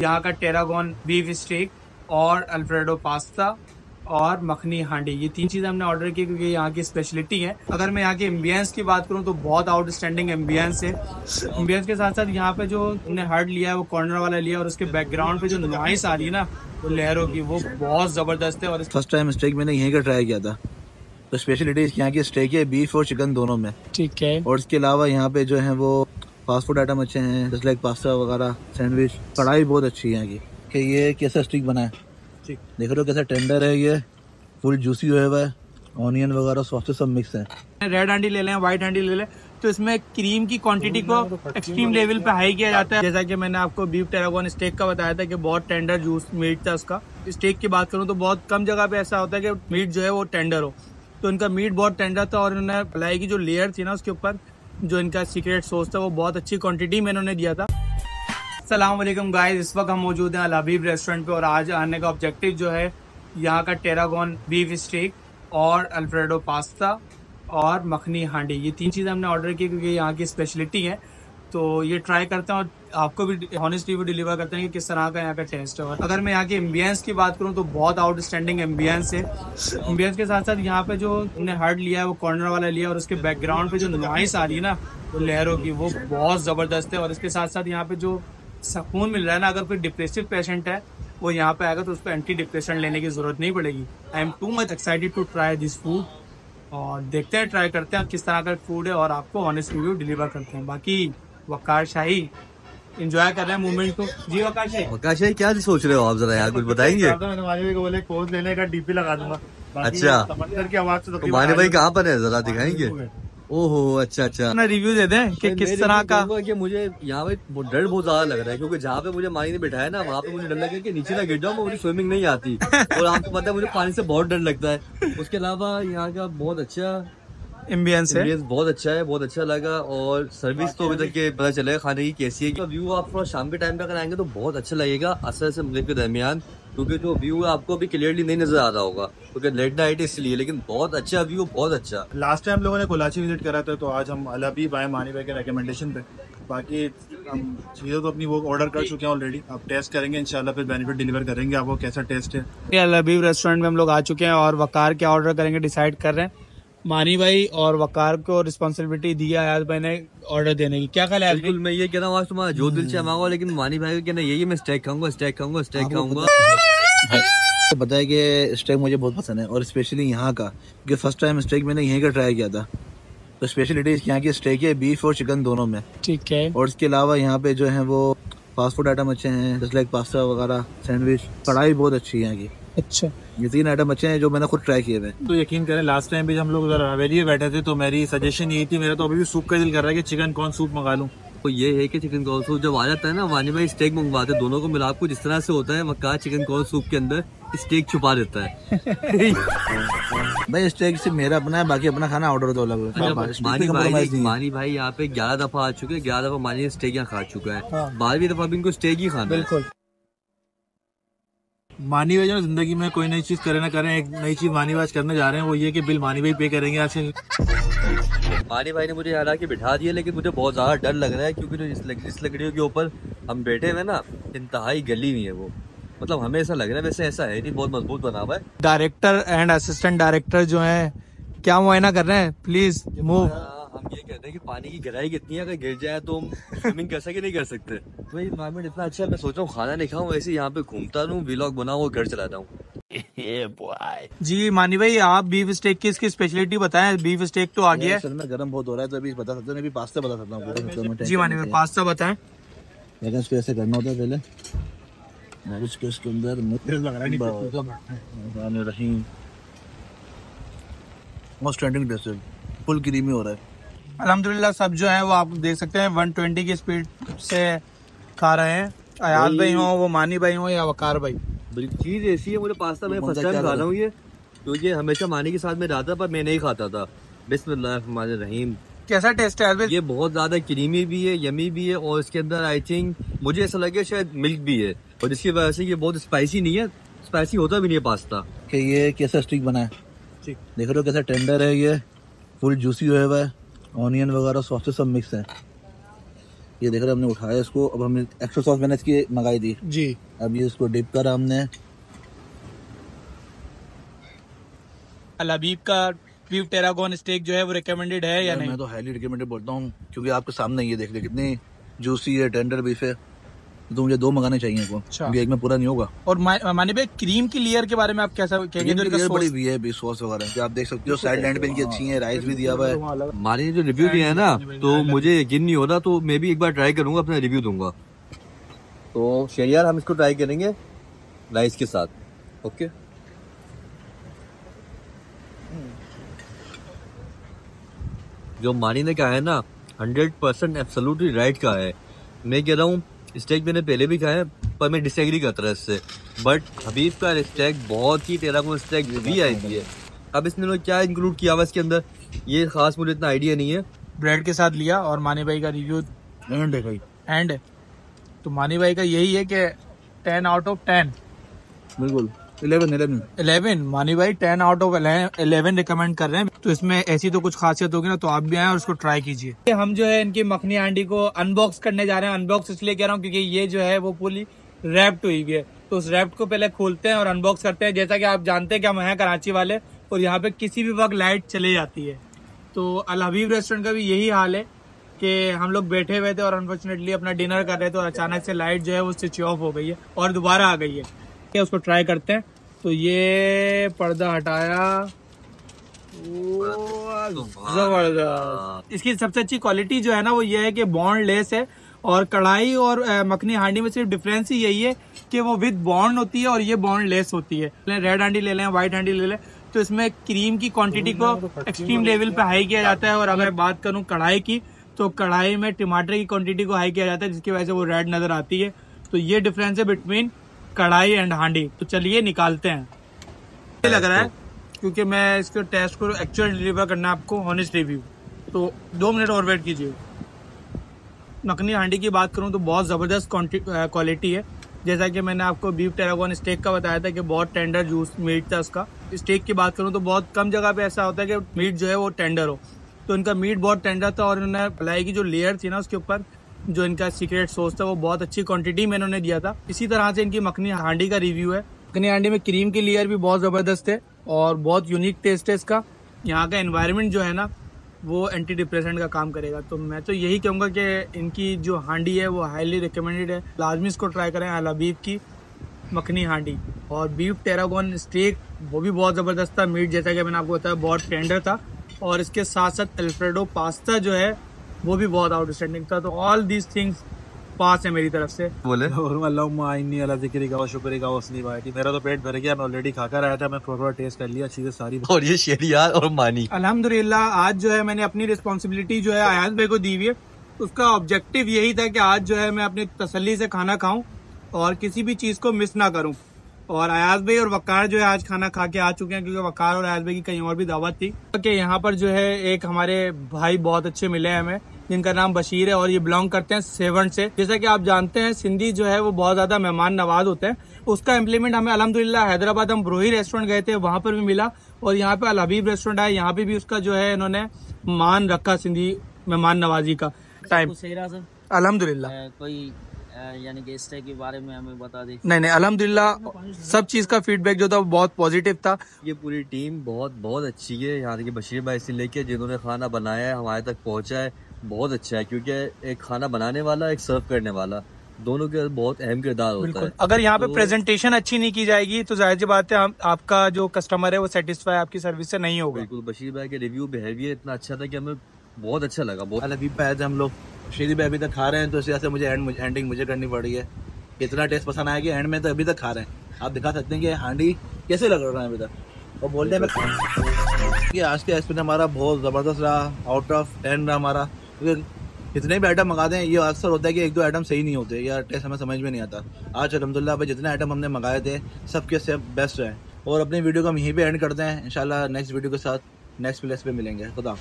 यहाँ का tarragon beef steak और अल्फ्रेडो पास्ता और मखनी हांडी ये तीन चीज़ें हमने ऑर्डर की क्योंकि यहाँ की स्पेशलिटी है अगर मैं यहाँ के एम्बियंस की बात करूँ तो बहुत आउटस्टैंडिंग एम्बियंस है एम्बियंस के साथ साथ यहाँ पे जो हमने हर्ड लिया है वो कॉर्नर वाला लिया और उसके बैकग्राउंड पे जो नॉइस आ रही है ना लहरों की वो बहुत ज़बरदस्त है और फर्स्ट टाइम स्टेक मैंने यहीं का ट्राई किया था तो स्पेशलिटी यहाँ की स्टेक है बीफ और चिकन दोनों में ठीक है और इसके अलावा यहाँ पे जो है वो फास्ट फूड आइटम अच्छे हैं जैसे लाइक पास्ता वगैरह सैंडविच कढ़ाई बहुत अच्छी है कि ये कैसा स्टिक बना है ठीक देख रहे हो तो कैसा टेंडर है ये फुल जूसी हुआ है ऑनियन वगैरह सॉफ्ट सब मिक्स है रेड हांडी ले लें व्हाइट हांडी ले लें तो इसमें क्रीम की क्वांटिटी को एक्सट्रीम तो लेवल पे हाई किया जाता है जैसा कि मैंने आपको बीफ टेरागोन स्टेक का बताया था कि बहुत टेंडर जूस मीट था उसका स्टेक की बात करूँ तो बहुत कम जगह पे ऐसा होता है कि मीट जो है वो टेंडर हो तो इनका मीट बहुत टेंडर था और इन्होंने मलाई की जो लेयर थी ना उसके ऊपर जो इनका सीक्रेट सोस था वो बहुत अच्छी क्वांटिटी में इन्होंने दिया था असलम गाइज इस वक्त हम मौजूद हैं अलाबीब रेस्टोरेंट पे और आज आने का ऑब्जेक्टिव जो है यहाँ का टेरागोन बीफ स्टेक और अल्फ्रेडो पास्ता और मखनी हांडी ये तीन चीज़ें हमने ऑर्डर की क्योंकि यहाँ की स्पेशलिटी है तो ये ट्राई करते हैं और आपको भी हॉनेस्ट रिव्यू डिलीवर करते हैं कि किस तरह का यहाँ का टेस्ट है और अगर मैं यहाँ की एम्बियंस की बात करूँ तो बहुत आउटस्टैंडिंग एम्बियंस है एम्बियंस के साथ साथ यहाँ पे जो हमने हर्ट लिया है वो कॉर्नर वाला लिया और उसके बैकग्राउंड पे जो नॉइस आ रही है ना लहरों की वो बहुत ज़बरदस्त है और इसके साथ साथ यहाँ पे जो सुकून मिल रहा है ना अगर कोई डिप्रेसिव पेशेंट है वो यहाँ पे आएगा तो उसको एंटी डिप्रेशन लेने की ज़रूरत नहीं पड़ेगी I am too much excited to try this food और देखते हैं ट्राई करते हैं किस तरह का फूड है और आपको ऑनेस्ट रिव्यू डिलीवर करते हैं बाकी वकार शाही इंजॉय कर रहे हैं मूवमेंट को जी आकाश आकाश क्या सोच रहे हो आप जरा यार कुछ बताएंगे बोले पोज लेने का डीपी लगा दूंगा अच्छा समंदर की आवाज से तो माने भाई कहाँ पर है जरा दिखाएंगे तो ओहो अच्छा अच्छा अपना रिव्यू दे दें कि किस तरह का कि मुझे यहाँ पे डर बहुत ज्यादा लग रहा है क्योंकि जहाँ पे मुझे माई ने बिठाया ना वहाँ पे मुझे डर लगा कि नीचे ना गिर जाऊँ मुझे स्विमिंग नहीं आती और आपको पता है मुझे पानी से बहुत डर लगता है उसके अलावा यहाँ का बहुत अच्छा एम्बियंस है बहुत अच्छा है बहुत अच्छा लगा और सर्विस तो अभी तक के पता चलेगा खाने की कैसी है व्यू आप थोड़ा शाम के टाइम पे अगर आएंगे तो बहुत अच्छा लगेगा असर से मुझे के दरमियान क्योंकि जो व्यू है आपको अभी क्लियरली नहीं नजर आ रहा होगा क्योंकि लेट नाइट इसलिए लेकिन बहुत अच्छा व्यू बहुत अच्छा लास्ट टाइम लोगों ने कोलाची विजिट करा था तो आज हम अलाबी बाय मानी भाई के रिकमेंडेशन पे बाकी हम चीज़ें तो अपनी वो ऑर्डर कर चुके हैं ऑलरेडी आप टेस्ट करेंगे इंशाल्लाह फिर बेनिफिट डिलीवर करेंगे आपको कैसा टेस्ट है अलाबीब रेस्टोरेंट में हम लोग आ चुके हैं और वकार क्या ऑर्डर करेंगे डिसाइड कर रहे हैं मानी भाई और वकार को रिस्पॉन्सिबिलिटी दिया आयाज भाई ने ऑर्डर देने की क्या ख्याल है मैं ये कह रहा हूँ आज तुम्हारा जो दिल से हम्म। मांगा लेकिन मानी भाई कहना यही मैं स्टैक खाऊंगा स्टैक खाऊंगा स्टैक हाँ, खाऊंगा बताया तो कि स्टैक मुझे बहुत पसंद है और स्पेशली यहाँ का क्योंकि फर्स्ट टाइम स्टेक मैंने यहीं का ट्राई किया था तो स्पेशलिटी यहाँ की स्टेक है बीफ और चिकन दोनों में ठीक है और इसके अलावा यहाँ पे जो है वो फास्ट फूड आइटम अच्छे हैं जैसे लाइक पास्ता वगैरह सैंडविच कढ़ाई बहुत अच्छी है यहाँ की अच्छा ये तीन आइटम अच्छे हैं जो मैंने खुद ट्राई किए थे तो यकीन करें लास्ट टाइम भी हम लोग उधर हवेली में बैठे थे तो मेरी सजेशन यही थी मेरा तो अभी भी सूप का दिल कर रहा है कि चिकन कॉर्न सूप मंगा लूँ तो ये है कि चिकन कॉर्न सूप जब आ जाता है ना वानी भाई स्टेक मंगवाते हैं दोनों को मिला आपको जिस तरह से होता है मक्का चिकन कॉर्न सूप के अंदर स्टेक छुपा देता है भाई स्टेक से मेरा अपना है बाकी अपना खाना ऑर्डर तो अलग मानी अच्छा, भाई मानी भाई यहाँ पे ग्यारह दफा आ चुके हैं ग्यारह दफा मानी स्टेक यहाँ खा चुका है हाँ। बारहवीं दफा भी इनको स्टेक ही खाना बिल्कुल मानी भाई जो जिंदगी में कोई नई चीज करे ना करें एक नई चीज मानी भाई करने जा रहे हैं वो ये कि बिल मानी भाई पे करेंगे आज मानी भाई ने मुझे याद आके बिठा दिया लेकिन मुझे बहुत ज़्यादा डर लग रहा है क्योंकि जो इस इस लकड़ियों के ऊपर हम बैठे हुए ना इंतहाई गली हुई है वो मतलब हमें ऐसा लग रहा है वैसे ऐसा है नहीं बहुत मजबूत बना हुआ है डायरेक्टर एंड असिस्टेंट डायरेक्टर जो है क्या मुआयना कर रहे हैं प्लीज मूव हम ये कहते हैं कि पानी की गहराई कितनी है अगर गिर जाए तो हम स्विमिंग कर सके नहीं कर सकते तो इन्वायरमेंट इतना अच्छा है मैं सोच रहा हूँ खाना नहीं खाऊँ ऐसे यहाँ पे घूमता रहूँ व्लॉग और घर चलाता हूँ जी मानी भाई आप बीफ स्टेक की इसकी स्पेशलिटी बताएं बीफ स्टेक तो आ गया है गर्म बहुत हो रहा है तो अभी बता सकते हैं पास्ता बता सकता हूँ जी मानी भाई पास्ता बताएं लेकिन इसको ऐसे करना होता है पहले और उसके उसके अंदर रही most trending dress full creamy हो रहा है अलहमदिल्ला सब जो है वो आप देख सकते हैं वन ट्वेंटी की स्पीड से खा रहे हैं अयाल भाई हो वो मानी भाई हो या वकार भाई चीज़ ऐसी है मुझे पास्ता मैं फर्स्ट टाइम खा रहा हूँ ये क्योंकि तो हमेशा मानी के साथ में जाता पर मैं नहीं खाता था रहीम कैसा टेस्ट है ये बहुत ज़्यादा क्रीमी भी है यमी भी है और इसके अंदर आई थिंक मुझे ऐसा लगे शायद मिल्क भी है और जिसकी वजह से ये बहुत स्पाइसी नहीं है स्पाइसी होता भी नहीं है पास्ता कि ये कैसा स्टिक बना है देख रहे हो कैसा टेंडर है ये फुल जूसी हुआ है ऑनियन वगैरह सॉसेज सब मिक्स है ये देख रहे हमने उठाया इसको अब हमने एक्स्ट्रा सॉस मैंने इसकी मंगाई थी जी अब ये इसको डिप करा हमने अलबीब का बीफ टेरागोन स्टेक जो है वो रिकमेंडेड है या नहीं मैं तो हाईली रिकमेंडेड बोलता हूँ क्योंकि आपके सामने ये देख ले कितनी जूसी है टेंडर बीफ है तो मुझे दो मंगाने चाहिए इनको अच्छा। क्योंकि एक में पूरा नहीं होगा और माने भाई क्रीम की लेयर के बारे में आप कैसा कहेंगे लेयर बड़ी भी है सॉस वगैरह आप देख सकते हो साइड लैंड पे इनकी अच्छी है राइस भी दिया हुआ है हमारे हाँ, जो रिव्यू दिया है ना हाँ तो मुझे यकीन नहीं हो रहा तो मैं भी एक बार ट्राई करूंगा अपना रिव्यू दूंगा तो शेरियार हम इसको ट्राई करेंगे राइस के साथ ओके जो मानी ने कहा है ना हंड्रेड परसेंट एब्सोल्युटली राइट कहा है मैं कह रहा हूँ स्टेक मैंने पहले भी खाया पर मैं डिसएग्री करता रहा इससे बट हबीब का स्टेक बहुत ही तेरा को स्टेक भी आई थी है अब इसने लोग क्या इंक्लूड किया हुआ इसके अंदर ये खास मुझे इतना आइडिया नहीं है ब्रेड के साथ लिया और मानी भाई का रिव्यू एंड है एंड तो मानी भाई का यही है कि टेन आउट ऑफ टेन बिल्कुल इलेवन इलेवन इलेवन मानी भाई ten out of eleven recommend कर रहे हैं तो इसमें ऐसी तो कुछ खासियत होगी ना तो आप भी आए और उसको ट्राई कीजिए हम जो है इनकी मखनी आंडी को अनबॉक्स करने जा रहे हैं अनबॉक्स इसलिए कह रहा हूँ क्योंकि ये जो है वो पूरी रैप्ट हुई है तो उस रैप्ट को पहले खोलते हैं और अनबॉक्स करते हैं जैसा कि आप जानते हैं कि हम हैं कराची वाले और यहाँ पे किसी भी वक्त लाइट चली जाती है तो अल हबीब रेस्टोरेंट का भी यही हाल है कि हम लोग बैठे हुए थे और अनफॉर्चुनेटली अपना डिनर कर रहे थे और अचानक से लाइट जो है वो स्विच ऑफ हो गई है और दोबारा आ गई है के उसको ट्राई करते हैं तो ये पर्दा हटाया तो जबरदस्त इसकी सबसे अच्छी क्वालिटी जो है ना वो ये है कि बॉन्ड लेस है और कढ़ाई और मखनी हांडी में सिर्फ डिफरेंस ही यही है कि वो विद बॉन्ड होती है और ये बॉन्ड लेस होती है रेड हांडी ले लें व्हाइट हांडी ले लें तो इसमें क्रीम की क्वांटिटी को एक्सट्रीम तो लेवल तो पे हाई किया जाता है और अगर बात करूँ कढ़ाई की तो कढ़ाई में टमाटर की क्वांटिटी को हाई किया जाता है जिसकी वजह से वो रेड नज़र आती है तो ये डिफरेंस है बिटवीन कढ़ाई एंड हांडी तो चलिए निकालते हैं ये लग रहा है क्योंकि मैं इसके टेस्ट को एक्चुअल डिलीवर करना आपको हॉनेस्ट रिव्यू तो दो मिनट और वेट कीजिए मखनी हांडी की बात करूँ तो बहुत ज़बरदस्त क्वालिटी है जैसा कि मैंने आपको बीफ टेरागोन स्टेक का बताया था कि बहुत टेंडर जूस मीट था उसका स्टेक की बात करूँ तो बहुत कम जगह पे ऐसा होता है कि मीट जो है वो टेंडर हो तो इनका मीट बहुत टेंडर था और इन्होंने पलाई की जो लेयर थी ना उसके ऊपर जो इनका सीक्रेट सॉस था वो बहुत अच्छी क्वांटिटी में इन्होंने दिया था इसी तरह से इनकी मखनी हांडी का रिव्यू है मखनी हांडी में क्रीम की लेयर भी बहुत ज़बरदस्त है और बहुत यूनिक टेस्ट है इसका यहाँ का इन्वायरमेंट जो है ना वो एंटी डिप्रेसेंट का काम करेगा तो मैं तो यही कहूँगा कि इनकी जो हांडी है वो हाईली रिकमेंडेड है लाजमी इसको ट्राई करें आला बीफ की मखनी हांडी और बीफ टेरागोन स्टेक वो भी बहुत ज़बरदस्त था मीट जैसा कि मैंने आपको बताया बहुत टेंडर था और इसके साथ साथ एल्फ्रेडो पास्ता जो है वो भी बहुत आउटस्टैंडिंग था तो ऑल दीज थिंग्स पास है मेरी तरफ से बोले शुक्रिका वसली भाई मेरा तो पेट भर गया मैं ऑलरेडी खाकर आया था मैं थोड़ा थोड़ा टेस्ट कर लिया चीजें सारी और ये शेरिया और मानी अलहमदुल्ला आज जो है मैंने अपनी रिस्पॉन्सिबिलिटी जो है आयाज भाई को दी हुई है उसका ऑब्जेक्टिव यही था कि आज जो है मैं अपनी तसल्ली से खाना खाऊं और किसी भी चीज को मिस ना करूं और अयाज भाई और वकार जो है आज खाना खा के आ चुके हैं क्योंकि वकार और अयाज भाई की कहीं और भी दावत थी कि यहाँ पर जो है एक हमारे भाई बहुत अच्छे मिले हैं हमें जिनका नाम बशीर है और ये बिलोंग करते हैं सेवन से जैसा कि आप जानते हैं सिंधी जो है वो बहुत ज़्यादा मेहमान नवाज होते हैं उसका इम्प्लीमेंट हमें अलहमदिल्ला हैदराबाद हम ब्रोही रेस्टोरेंट गए थे वहां पर भी मिला और यहाँ पे अल हबीब रेस्टोरेंट आया यहाँ पे भी उसका जो है इन्होंने मान रखा सिंधी मेहमान नवाजी का टाइम अलहमदुल्ला यानी के बारे में हमें बता दे नहीं नहीं अल्हम्दुलिल्लाह सब चीज़ का फीडबैक जो था वो बहुत पॉजिटिव था ये पूरी टीम बहुत बहुत अच्छी है यहाँ के बशीर भाई से लेके जिन्होंने खाना बनाया है हमारे तक पहुँचा है बहुत अच्छा है क्योंकि एक खाना बनाने वाला एक सर्व करने वाला दोनों के बहुत अहम किरदार होता है अगर यहाँ पे तो, प्रेजेंटेशन अच्छी नहीं की जाएगी तो जाहिर सी बात है हम आपका जो कस्टमर है वो सेटिस्फाई आपकी सर्विस से नहीं होगा बिल्कुल बशीर भाई के रिव्यू बिहेवियर इतना अच्छा था कि हमें बहुत अच्छा लगा बहुत अभी अच्छा पैसे हम लोग बशीर भाई अभी तक खा रहे हैं तो इस वजह से मुझे एंडिंग मुझे करनी पड़ी है इतना टेस्ट पसंद आया कि एंड में तो अभी तक खा रहे हैं आप दिखा सकते हैं कि हांडी कैसे लग रहा है अभी तक और बोलते हैं आज के एक्सपीरियंस हमारा बहुत ज़बरदस्त रहा आउट ऑफ टेन रहा हमारा क्योंकि जितने भी आइटम मंगाते हैं ये अक्सर होता है कि एक दो आइटम सही नहीं होते या टेस्ट हमें समझ में नहीं आता आज अलहमदिल्ला भाई जितने आइटम हमने मंगाए थे सबके सब बेस्ट हैं और अपनी वीडियो को हम यहीं पर एंड करते हैं इन नेक्स्ट वीडियो के साथ नेक्स्ट प्लेस पर मिलेंगे खुदा